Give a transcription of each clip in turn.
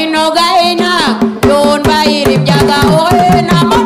inoga ina yon ba irip jaga oe na mama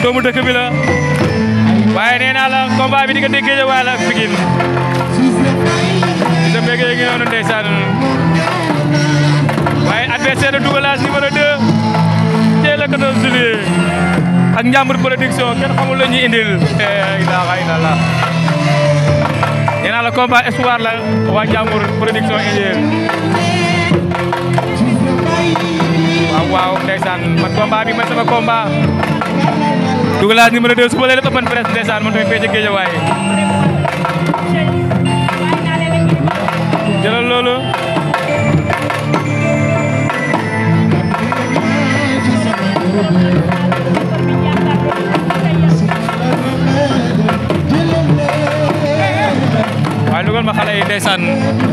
moom doomu dëkk bi la waaye nee naa la combat bi di nga déggee waaye la Pikine di nga béggee ngi noonu ndeysaan waaye adversaire de Dougalage numéro 2 tey la 14 juillet ak Njàmbur production kenn xamul la ñuy indil eh, ilaaha illallah nee naa la combat espoir la waa Njàmbur production indil waaw waaw ndeysaan man combat bi man sama combat Douglas numéro 2 suba léegi open press ndeysaan moom tamit fee ca géej waaye jëlal loolu waaye dugal ma xale yi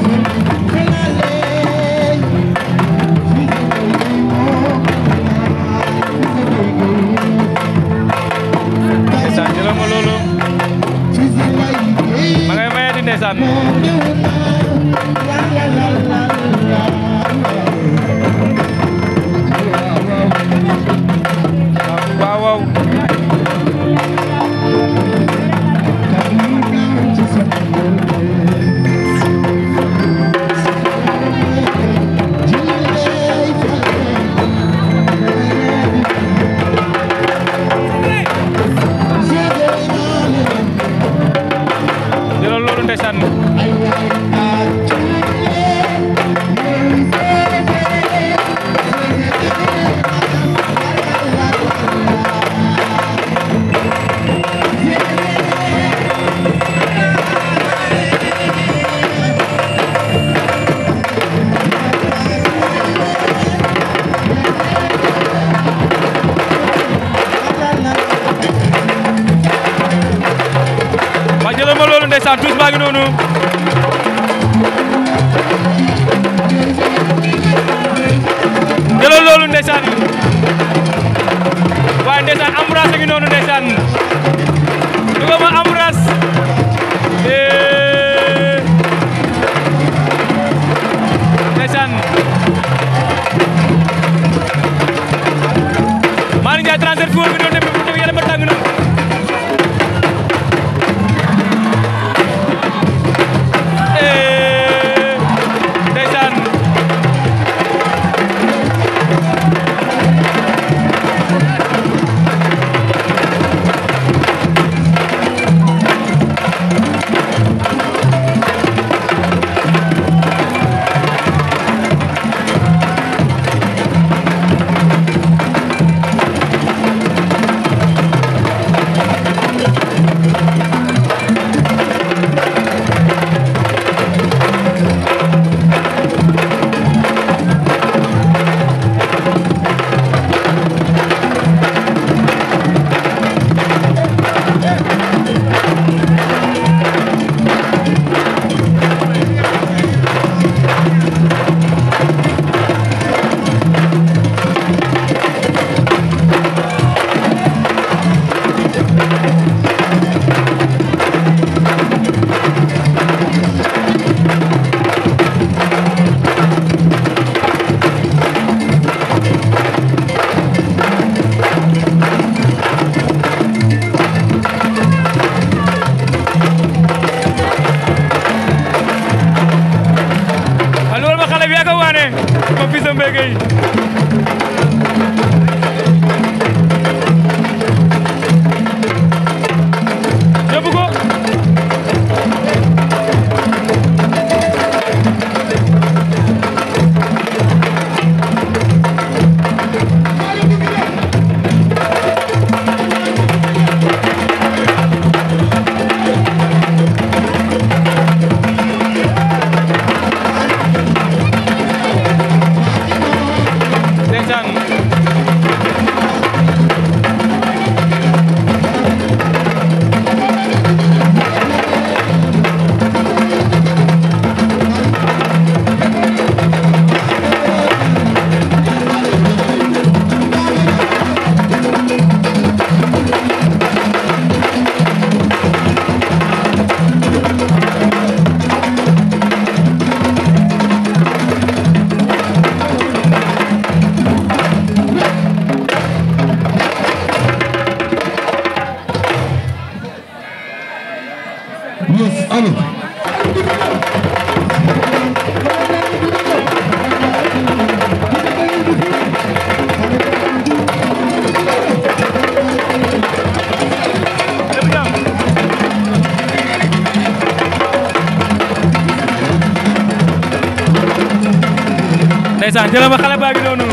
jëlama xale baa ngi noonu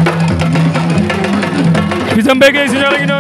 Fils de Mbaye Gueye Junior a ngi noonu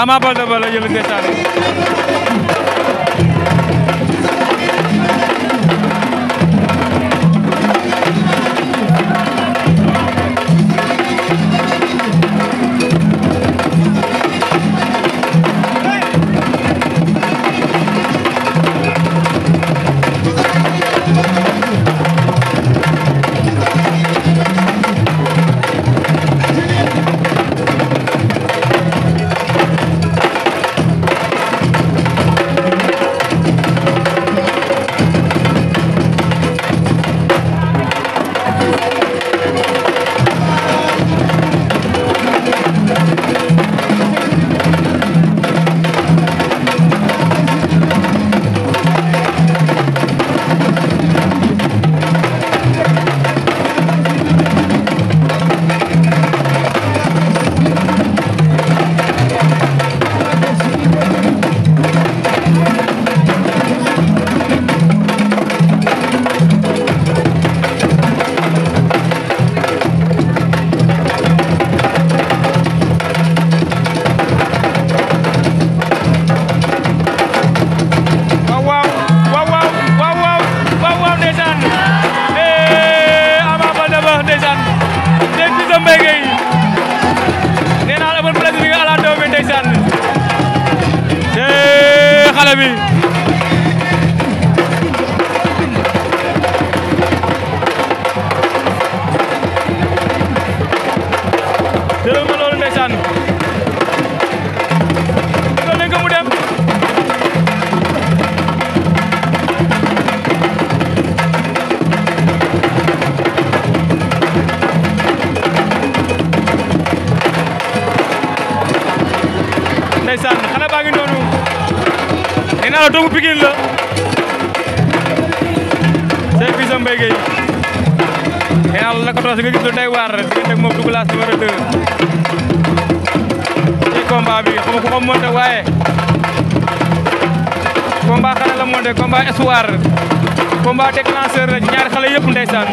Ama Baldé ba la jël ngeesaan xama ko ko monté waaye combat xale la monté combat espoir combat déclencheur la ñaari xale yëpp ndeysaan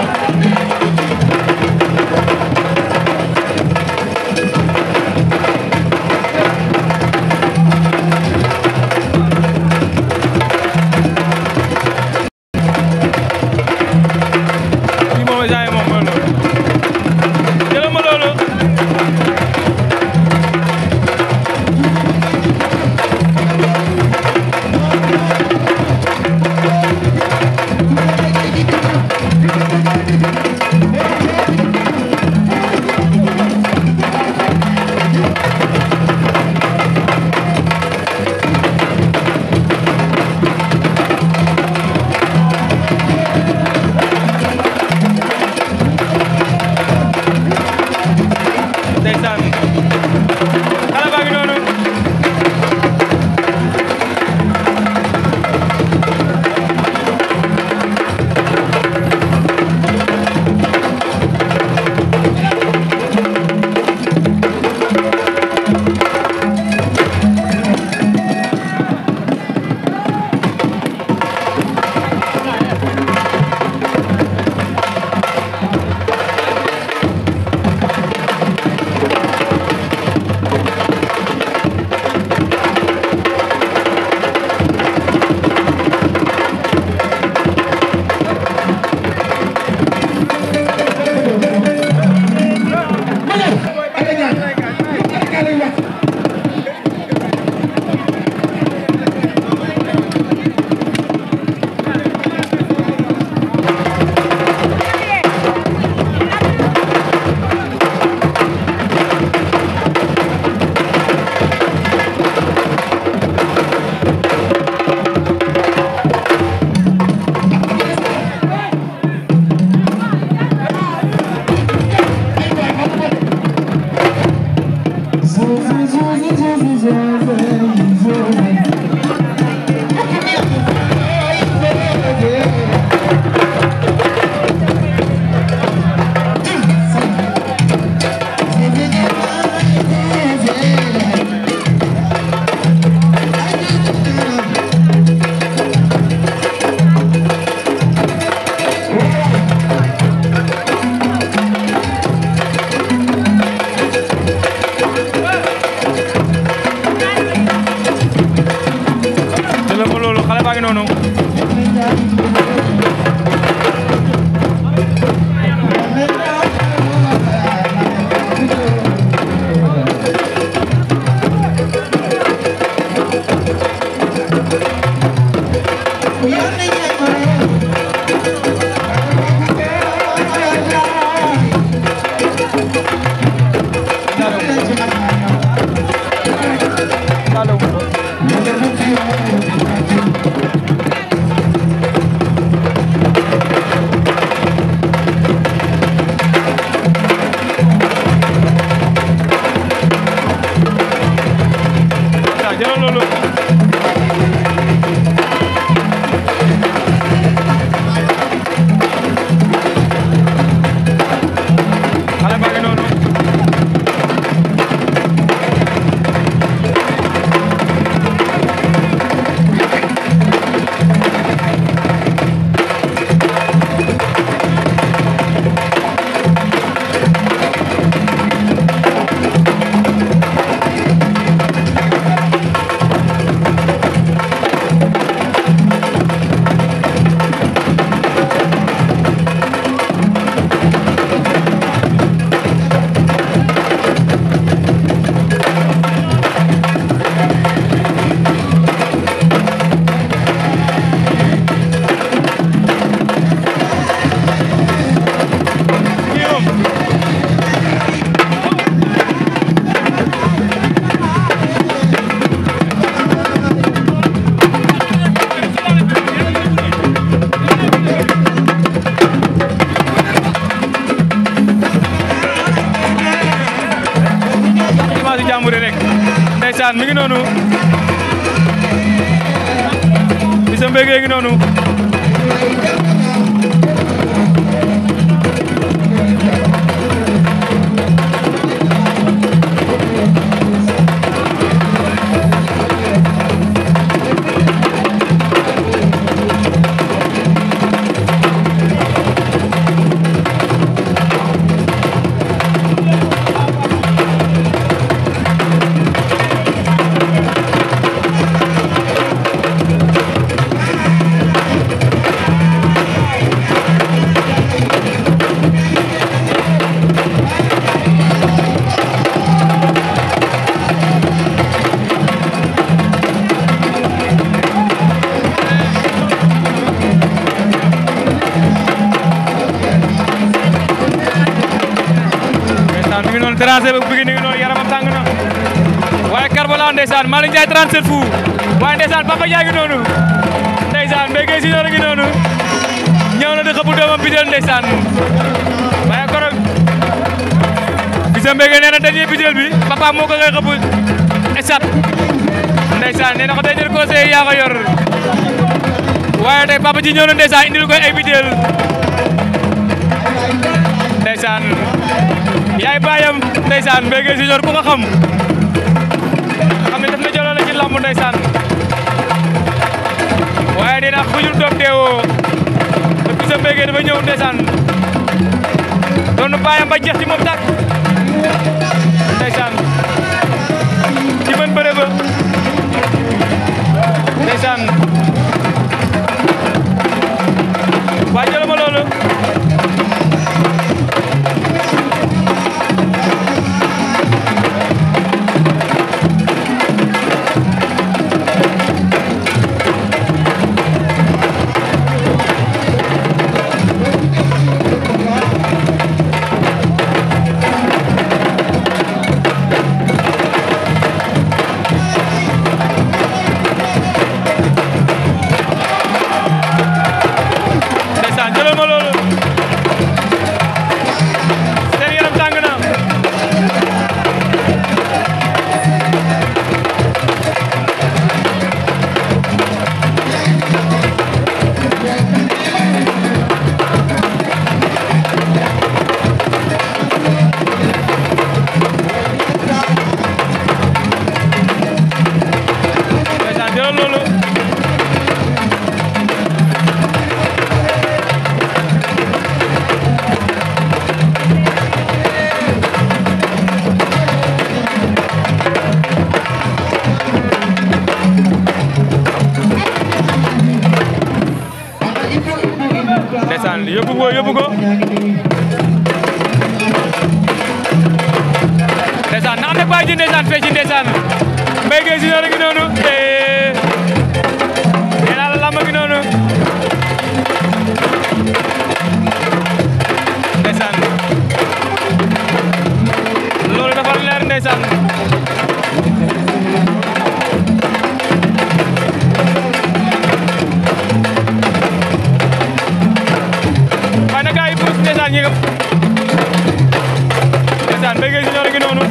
ngi noonu lancé ba bëgg ngi noonu yaramam tàng na waaye Karbala ndeysaan Malick Ndiaye 37 fu waaye ndeysaan Papa Ndiaye ngi noonu ndeysaan Mbaye si noonu ngi noonu ñëw na di xëpp doomam bideel ndeysaan waaye koro bisa Mbaye nee na dernier bideel bi papa moo ko ngay xëpp esat ndeysaan nee na ko dernier conseil yaa ko yor waaye tey papa ji ñëw na ndeysaan indil ko ay bideel ndeysaan yaay baayam ndeysaan Mbengue Junior ku nga xam xam ne def na jëloon la ci waaye dina bu ñu deewoo depuis sa dafa ñëw ndeysaan doon baayam ba ci moom tàkk ndeysaan mën bëre ba junior gi noonu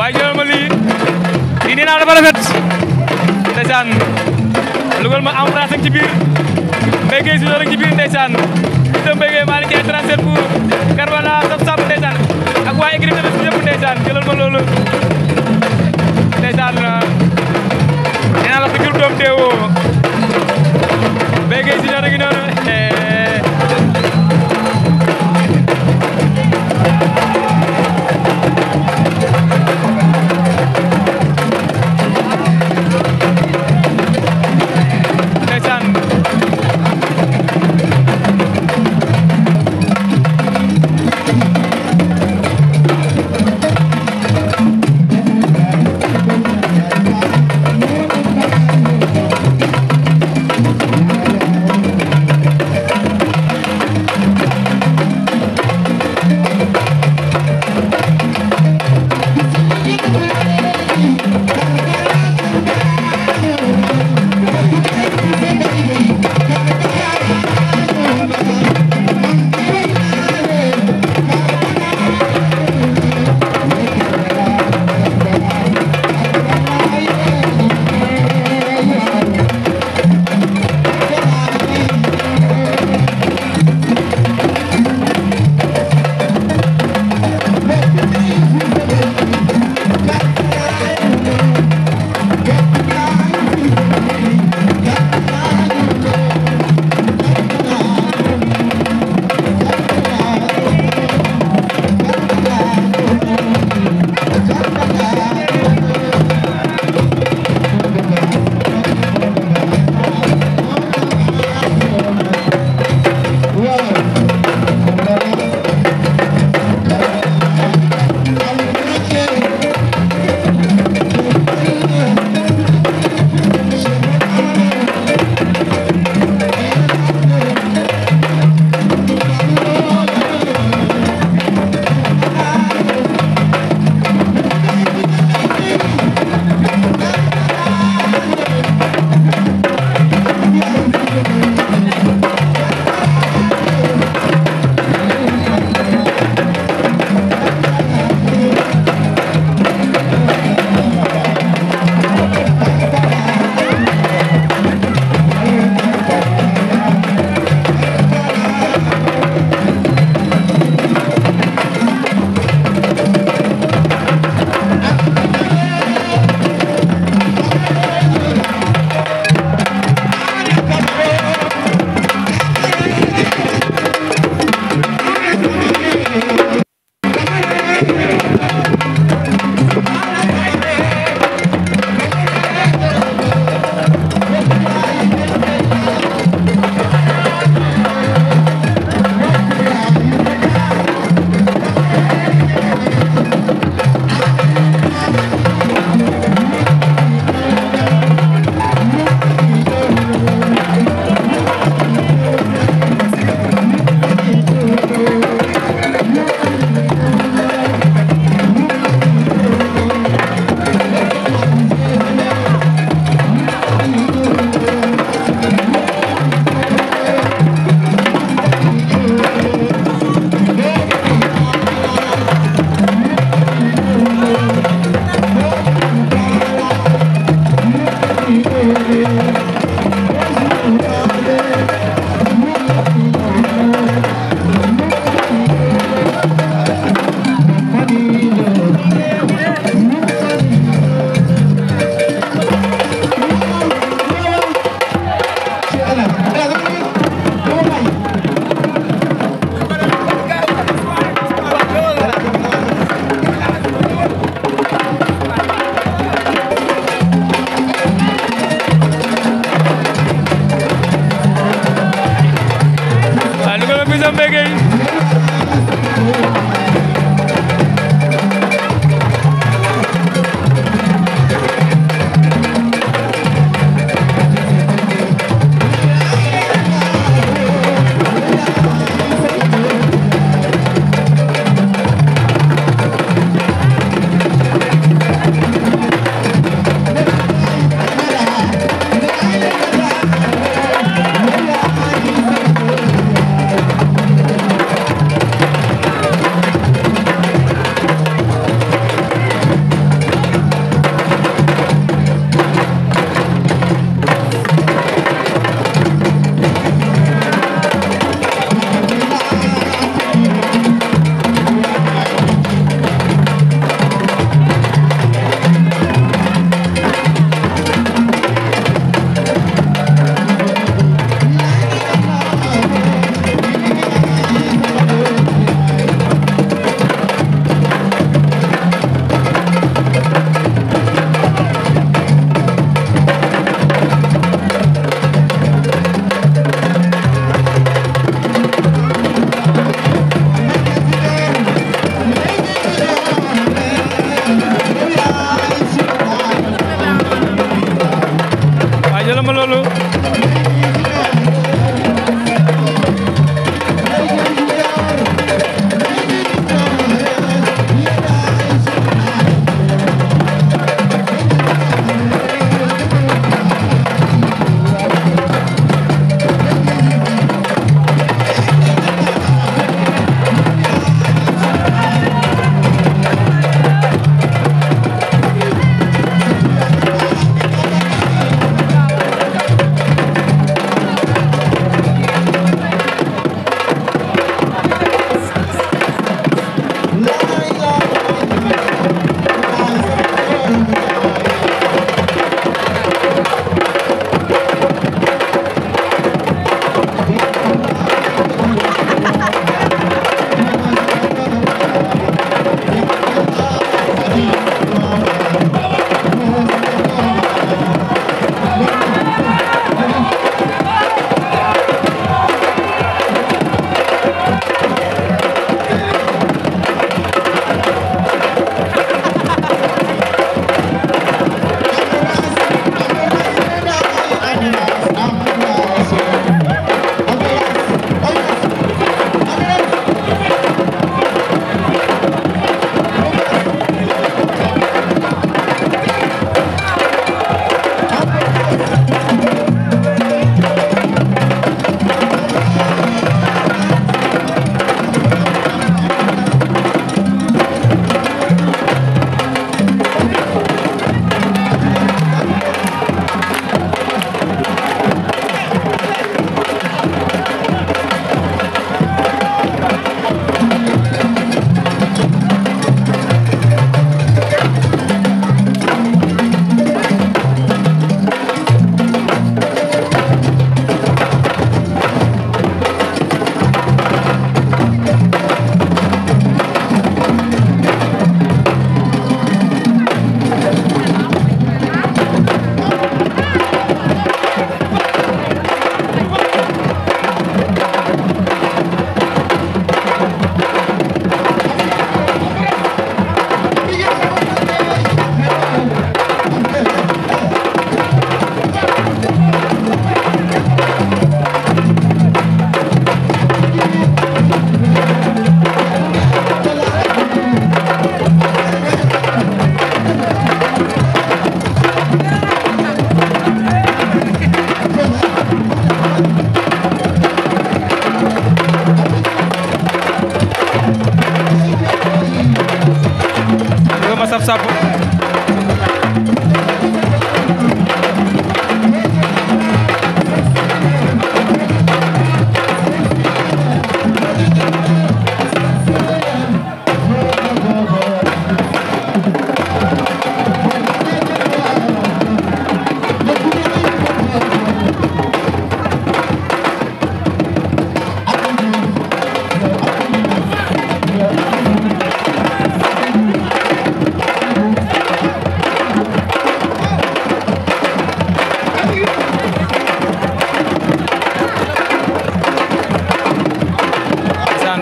ma lii lii nee naa dafa rafet ndeysaan lugal ma embrase ak ci biir mbéygee junior ak ci biir ndeysaan te mbéygee Malick Ndiaye 37 pour Karbala sab sab ak waa équipe de bés ma loolu ndeysaan euh, nee naa la ku jur doom deewoo béykat yi si ñaata gi noonu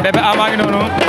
Bébé Ama ngi noonu